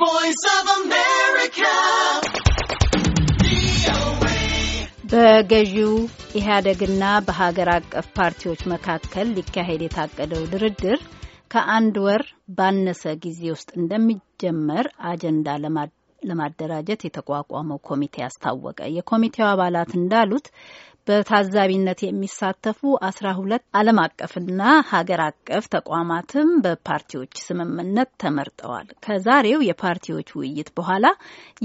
voice of በገዢው ኢህአደግና በሀገር አቀፍ ፓርቲዎች መካከል ሊካሄድ የታቀደው ድርድር ከአንድ ወር ባነሰ ጊዜ ውስጥ እንደሚጀመር አጀንዳ ለማድረግ ለማደራጀት የተቋቋመው ኮሚቴ አስታወቀ። የኮሚቴው አባላት እንዳሉት በታዛቢነት የሚሳተፉ አስራ ሁለት ዓለም አቀፍና ሀገር አቀፍ ተቋማትም በፓርቲዎች ስምምነት ተመርጠዋል። ከዛሬው የፓርቲዎች ውይይት በኋላ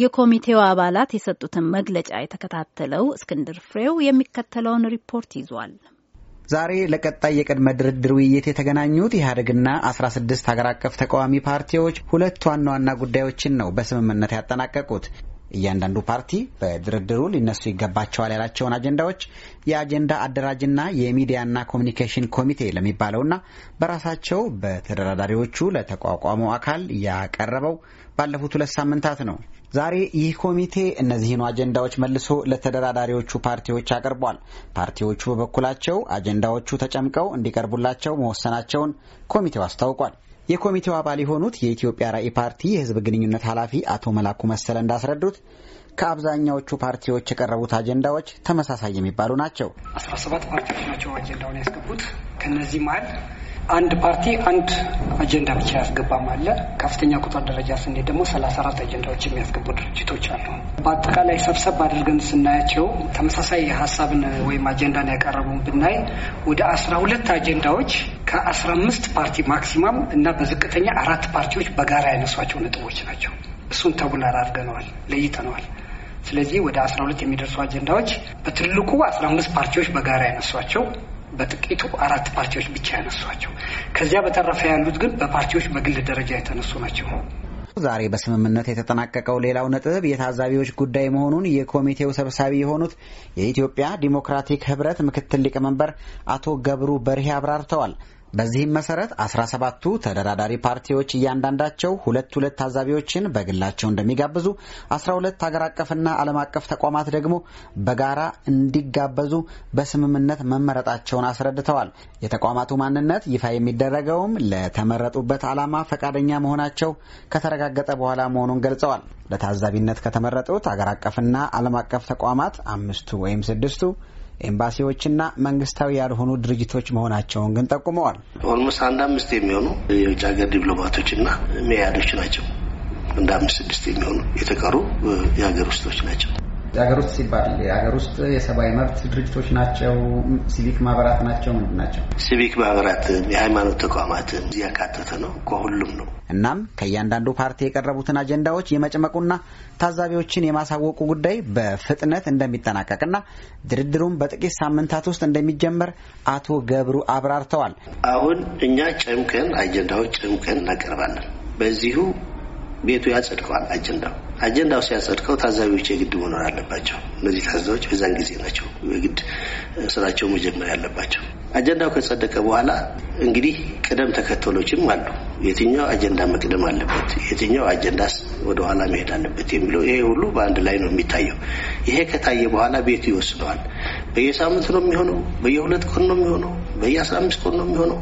የኮሚቴው አባላት የሰጡትን መግለጫ የተከታተለው እስክንድር ፍሬው የሚከተለውን ሪፖርት ይዟል። ዛሬ ለቀጣይ የቅድመ ድርድር ውይይት የተገናኙት ኢህአዴግና 16 ሀገር አቀፍ ተቃዋሚ ፓርቲዎች ሁለት ዋና ዋና ጉዳዮችን ነው በስምምነት ያጠናቀቁት። እያንዳንዱ ፓርቲ በድርድሩ ሊነሱ ይገባቸዋል ያላቸውን አጀንዳዎች የአጀንዳ አደራጅና የሚዲያና ኮሚኒኬሽን ኮሚቴ ለሚባለውና በራሳቸው በተደራዳሪዎቹ ለተቋቋመው አካል ያቀረበው ባለፉት ሁለት ሳምንታት ነው። ዛሬ ይህ ኮሚቴ እነዚህኑ አጀንዳዎች መልሶ ለተደራዳሪዎቹ ፓርቲዎች አቅርቧል። ፓርቲዎቹ በበኩላቸው አጀንዳዎቹ ተጨምቀው እንዲቀርቡላቸው መወሰናቸውን ኮሚቴው አስታውቋል። የኮሚቴው አባል የሆኑት የኢትዮጵያ ራዕይ ፓርቲ የህዝብ ግንኙነት ኃላፊ አቶ መላኩ መሰለ እንዳስረዱት ከአብዛኛዎቹ ፓርቲዎች የቀረቡት አጀንዳዎች ተመሳሳይ የሚባሉ ናቸው። አስራ ሰባት ፓርቲዎች ናቸው አጀንዳውን ያስገቡት። ከነዚህ መሀል አንድ ፓርቲ አንድ አጀንዳ ብቻ ያስገባም አለ። ከፍተኛ ቁጥር ደረጃ ስንሄድ ደግሞ ሰላሳ አራት አጀንዳዎች የሚያስገቡ ድርጅቶች አሉ። በአጠቃላይ ሰብሰብ አድርገን ስናያቸው ተመሳሳይ ሀሳብን ወይም አጀንዳን ያቀረቡ ብናይ ወደ አስራ ሁለት አጀንዳዎች ከአስራ አምስት ፓርቲ ማክሲማም እና በዝቅተኛ አራት ፓርቲዎች በጋራ ያነሷቸው ነጥቦች ናቸው። እሱን ተቡላር አድርገነዋል፣ ለይተነዋል። ስለዚህ ወደ አስራ ሁለት የሚደርሱ አጀንዳዎች በትልቁ አስራ አምስት ፓርቲዎች በጋራ ያነሷቸው በጥቂቱ አራት ፓርቲዎች ብቻ ያነሷቸው። ከዚያ በተረፈ ያሉት ግን በፓርቲዎች በግል ደረጃ የተነሱ ናቸው። ዛሬ በስምምነት የተጠናቀቀው ሌላው ነጥብ የታዛቢዎች ጉዳይ መሆኑን የኮሚቴው ሰብሳቢ የሆኑት የኢትዮጵያ ዲሞክራቲክ ሕብረት ምክትል ሊቀመንበር አቶ ገብሩ በርሄ አብራርተዋል። በዚህም መሰረት አስራ ሰባቱ ተደራዳሪ ፓርቲዎች እያንዳንዳቸው ሁለት ሁለት ታዛቢዎችን በግላቸው እንደሚጋብዙ አስራ ሁለት ሀገር አቀፍና ዓለም አቀፍ ተቋማት ደግሞ በጋራ እንዲጋበዙ በስምምነት መመረጣቸውን አስረድተዋል። የተቋማቱ ማንነት ይፋ የሚደረገውም ለተመረጡበት ዓላማ ፈቃደኛ መሆናቸው ከተረጋገጠ በኋላ መሆኑን ገልጸዋል። ለታዛቢነት ከተመረጡት አገር አቀፍና ዓለም አቀፍ ተቋማት አምስቱ ወይም ስድስቱ ኤምባሲዎችና መንግስታዊ ያልሆኑ ድርጅቶች መሆናቸውን ግን ጠቁመዋል። ኦልሞስት አንድ አምስት የሚሆኑ የውጭ ሀገር ዲፕሎማቶችና መያዶች ናቸው። እንደ አምስት ስድስት የሚሆኑ የተቀሩ የሀገር ውስጦች ናቸው። የሀገር ውስጥ ሲባል የሀገር ውስጥ የሰብአዊ መብት ድርጅቶች ናቸው፣ ሲቪክ ማህበራት ናቸው፣ ምንድን ናቸው? ሲቪክ ማህበራት የሃይማኖት ተቋማትን እያካተተ ነው። ከሁሉም ነው። እናም ከእያንዳንዱ ፓርቲ የቀረቡትን አጀንዳዎች የመጭመቁና ታዛቢዎችን የማሳወቁ ጉዳይ በፍጥነት እንደሚጠናቀቅና ድርድሩም በጥቂት ሳምንታት ውስጥ እንደሚጀመር አቶ ገብሩ አብራርተዋል። አሁን እኛ ጨምቀን አጀንዳዎች ጨምቀን እናቀርባለን። በዚሁ ቤቱ ያጸድቀዋል አጀንዳው አጀንዳው ሲያጸድቀው ታዛቢዎች የግድ መኖር አለባቸው። እነዚህ ታዛቢዎች በዛን ጊዜ ናቸው የግድ ስራቸው መጀመር ያለባቸው። አጀንዳው ከጸደቀ በኋላ እንግዲህ ቅደም ተከተሎችም አሉ። የትኛው አጀንዳ መቅደም አለበት፣ የትኛው አጀንዳስ ወደኋላ መሄድ አለበት የሚለው ይሄ ሁሉ በአንድ ላይ ነው የሚታየው። ይሄ ከታየ በኋላ ቤቱ ይወስነዋል። በየሳምንት ነው የሚሆነው፣ በየሁለት ቀን ነው የሚሆነው፣ በየአስራ አምስት ቀን ነው የሚሆነው።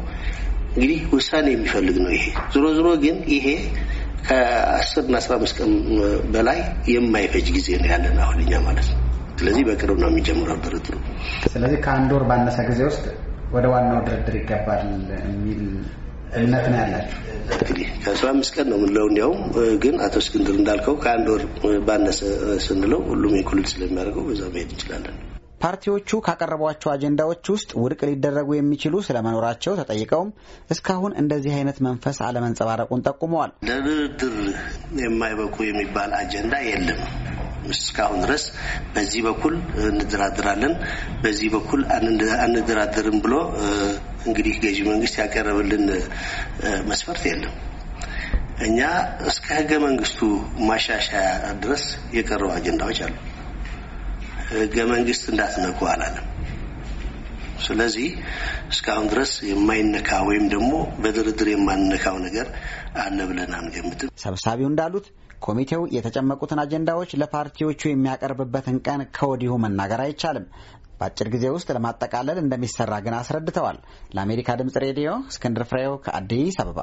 እንግዲህ ውሳኔ የሚፈልግ ነው ይሄ ዞሮ ዞሮ ግን ይሄ ከአስርና አስራ አምስት ቀን በላይ የማይፈጅ ጊዜ ነው ያለን አሁን እኛ ማለት ነው። ስለዚህ በቅርብ ነው የሚጀምረው ድርድሩ። ስለዚህ ከአንድ ወር ባነሰ ጊዜ ውስጥ ወደ ዋናው ድርድር ይገባል የሚል እምነት ነው ያላቸው። እንግዲህ ከአስራ አምስት ቀን ነው የምንለው እንዲያውም ግን አቶ እስክንድር እንዳልከው ከአንድ ወር ባነሰ ስንለው ሁሉም የኩልል ስለሚያደርገው በዛ መሄድ እንችላለን። ፓርቲዎቹ ካቀረቧቸው አጀንዳዎች ውስጥ ውድቅ ሊደረጉ የሚችሉ ስለመኖራቸው ተጠይቀውም እስካሁን እንደዚህ አይነት መንፈስ አለመንጸባረቁን ጠቁመዋል። ለድርድር የማይበቁ የሚባል አጀንዳ የለም። እስካሁን ድረስ በዚህ በኩል እንደራደራለን፣ በዚህ በኩል አንደራደርም ብሎ እንግዲህ ገዢ መንግስት ያቀረብልን መስፈርት የለም። እኛ እስከ ህገ መንግስቱ ማሻሻያ ድረስ የቀረቡ አጀንዳዎች አሉ። ህገ መንግስት እንዳትነኩ አላለም። ስለዚህ እስካሁን ድረስ የማይነካ ወይም ደግሞ በድርድር የማንነካው ነገር አለ ብለን አንገምትም። ሰብሳቢው እንዳሉት ኮሚቴው የተጨመቁትን አጀንዳዎች ለፓርቲዎቹ የሚያቀርብበትን ቀን ከወዲሁ መናገር አይቻልም። በአጭር ጊዜ ውስጥ ለማጠቃለል እንደሚሰራ ግን አስረድተዋል። ለአሜሪካ ድምጽ ሬዲዮ እስክንድር ፍሬው ከአዲስ አበባ